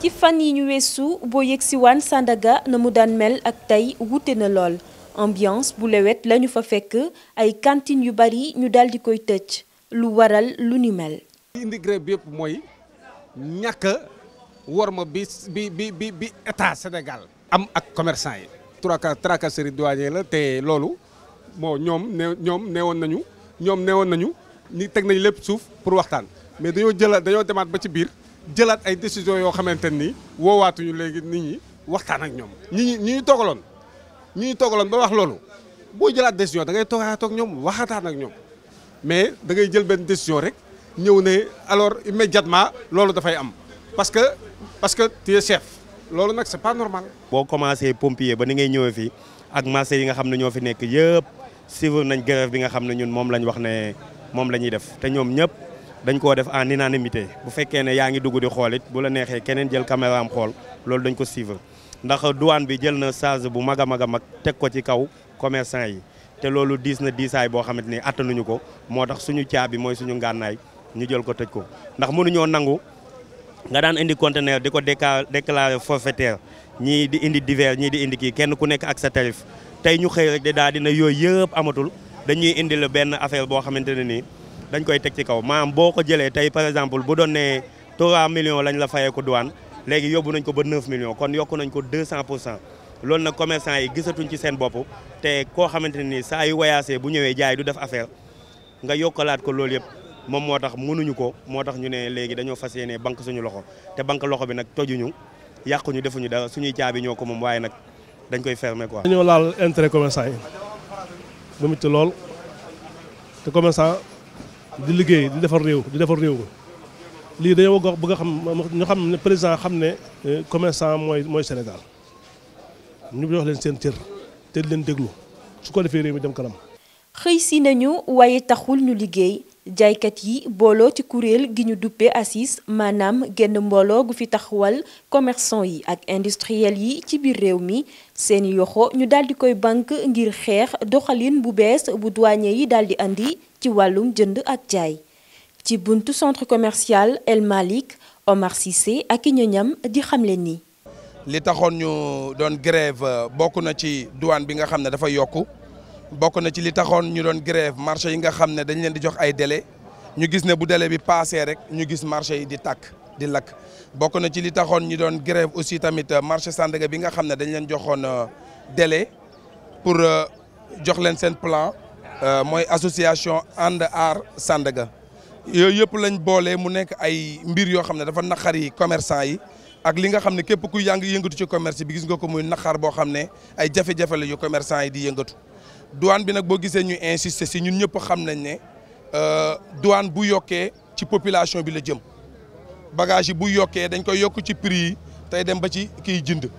ci fan yi ñu weesu boo yegsiwaan Sandaga na mu daan mel ak tey wute na lool ambiance bu lewet lañu fa fekk ay cantines yu bari ñu daal di koy tëj lu waral lu ni mel. li indi grève bi yëpp mooy ñàkk worma bi bi bi bi état Sénégal. am ak commerçant yi. tracas tracasserie douanière la te loolu moo ñoom ne ñoom neewoon nañu ñoom neewoon nañu ni teg nañ lépp suuf pour waxtaan mais dañoo jëlal dañoo demaat ba ci biir. Jelat ay décision yoo xamante ni ñu léegi nit ñi waxtaan ak ñom ñi ñi ñi ñu toogaloon ñi ñu toogaloon ba wax lolu bo jelat décision da ngay togaat ak ñom waxtaan ak ñom mais da ngay jël ben décision rek ñew ne alors immédiatement da fay am parce que parce que tu es chef lolu nak c'est pas normal. bo commencé pompier ba ni ngay ñëw fi ak marché yi nga xam ño fi nek yépp civil nañ grève bi nga xam ñun mom lañ wax ne mom lañuy def te ñom ñëpp. dañ koo def en unanimité bu fekkee ne yaa ngi dugg di xool bu la neexee keneen jël caméra xool loolu dañ ko suivre ndax duwaan bi jël na charge bu mag a mag a mag teg ko ci kaw commerçant yi te loolu diis na diisaay boo xamante ni attanuñu ko moo tax suñu caabi mooy suñu ngànnaay ñu jël ko tëj ko ndax mënuñoo nangu nga daan indi conteneur di ko déclaré forfaitaire ñii di indi divers ñii di indi kii kenn ku nekk ak sa tarif tey ñu xëy rek di daal dina yooyu yëpp amatul dañuy indi la benn affaire boo xamante ne nii dañ koy teg ci kaw maanaam boo ko jëlee tey par exemple bu doon nee 3 millions lañ la fayee ko douane léegi yóbbu nañ ko ba 9 millions kon yokk nañ ko 200 pour cent loolu nag commerçant yi gisatuñ ci seen bopp te koo xamante ne nii saa yu wayaasee bu ñëwee jaay du def affaire nga yokkalaat ko loolu yëpp moom moo tax mënuñu ko moo tax ñu ne léegi dañoo fas yéene banque suñu loxo te banque loxo bi nag tojuñu yàquñu defuñu dara suñuy caabi ñoo ko moom waaye nag dañ koy fermer quoi. dañoo laal intérêt commerçant yi lool di liggéey di defar réew di defar réew lii dañoo gox bëgg a xam ñu xam ne président xam ne euh, commerçant mooy mooy Sénégal ñu jox leen seen cër te leen déglu su ko defee réew mi dem kanam. xëy si nañu waaye taxul ñu liggéey jaaykat yi booloo ci kuréel gi ñu duppee ACIS maanaam genn mbooloo gu fi taxawal commerçant yi ak industriel yi ci biir réew mi seen yoxo ñu daal di koy bank ngir xeex doxalin bu bees bu douanier yi daal di andi ci walum jënd ak jaay ci buntu centre commercial El Malik Omar Cissé ak i ñoñam di xamle ni. li taxone ñu don grève euh, bokku na ci douane bi nga xamné dafa yokku bokku na ci li taxone ñu don grève marché yi nga xamné dañ leen di jox ay délai ñu gis né bu délai bi passé rek ñu gis marché yi di tak di lakk bokku na ci li taxone ñu don grève aussi tamit euh, marché Sandaga bi nga xamné dañ leen joxone euh, délai pour jox leen sen plan. Euh, mooy association and art Sandega. yooyu yëpp lañ bolé mu nek ay mbir yo xamné dafa naqar commerçant yi ak li nga ci commerce bi gis nga ko muy ay la yu commerçant yi di douane bi nak bo euh, douane bu yoké ci population bi la jëm bagage yi bu yoké dañ koy ci prix tay dem ba ci jënd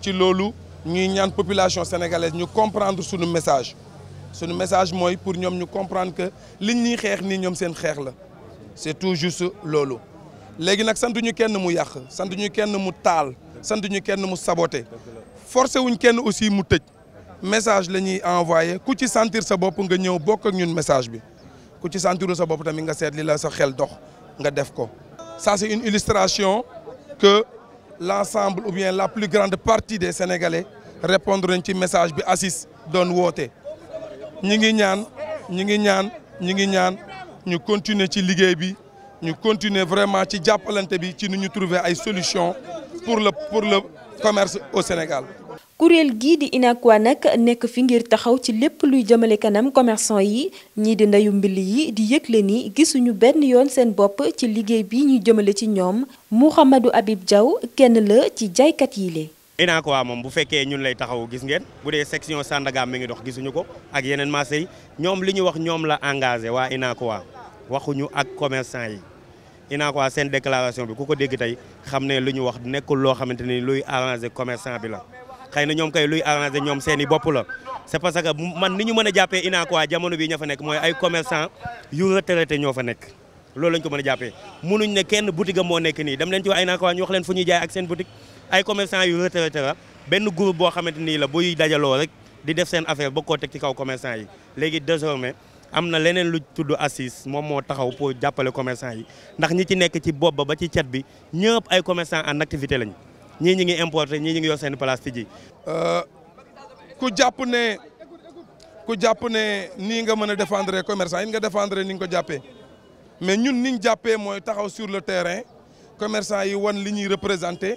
ci population sénégalaise ñu comprendre suñu message suñu message mooy pour ñoom ñu comprendre que liñ ñuy xeex nii ñoom seen xeex la c'est tout juste loolu léegi nag sant ñu kenn mu yàq sant ñu kenn mu taal sant ñu kenn mu saboté forcé wuñ kenn aussi mu tëj message la ñuy envoyé ku ci sentir sa bopp nga ñëw bokk ak ñun message bi ku ci sentir sa bopp tamit nga seet li la sa xel dox nga def ko ça c'est une illustration que l'ensemble ou bien la plus grande partie des Sénégalais répondre nañ ci message bi Aziz doon woote ñi ngi ñaan ñi ngi ñaan ñi ngi ñaan ñu continuer ci liggéey bi ñu continuer vraiment ci jàppalante bi ci nu ñu trouver ay solution pour le pour le commerce au Sénégal. kuréel gii di UNACOIS nag nekk fi ngir taxaw ci lépp luy jëmale kanam commerçant yi ñii di ndeyu mbill yi di yëgle ni gisuñu benn yoon seen bopp ci liggéey bi ñuy jëmale ci ñoom Mouhamadou Habib Diaw kenn la ci jaaykat yi le UNACOIS moom bu fekkee ñun lay taxaw gis ngeen bu dee section Sandaga mi ngi dox gisuñu ko ak yeneen marché ñoom li ñu wax ñoom la engagé waa UNACOIS waxuñu ak commerçant yi UNACOIS seen déclaration bi ku ko dégg tey xam ne lu ñu wax nekkul loo xamante ni luy arrangé commerçant bi la xëy na ñoom kay luy arrangé ñoom seen i bopp la c'est que man ni ñu mën a jàppee UNACOIS jamono bii ña fa nekk mooy ay commerçant yu retraité ñoo fa nekk loolu lañ ko mën a jàppee munuñ ne kenn boutique moo nekk nii dem leen ci waa UNACOIS ñu wax leen fu ñuy jaay ak seen boutique ay commerçants yu retraité Ben benn groupe boo xamante nii la buy dajaloo rek di def seen affaire ba koo ci kaw commerçant yi léegi désormais am na leneen lu tudd assise moom moo taxaw pour jàppale commerçant yi ndax ñi ci nekk ci bobba ba ci cet bi ñëpp ay commerçant en activité lañ ñii ñi ngi importer ñii ñi ngi yor seen place ci ji. ku jàpp ne ku jàpp ne nii nga mën a défendre commerçant yi nga défendre ni nga ko jàppee mais ñun niñ jàppee mooy taxaw sur le terrain commerçant yi wan li ñuy représenté.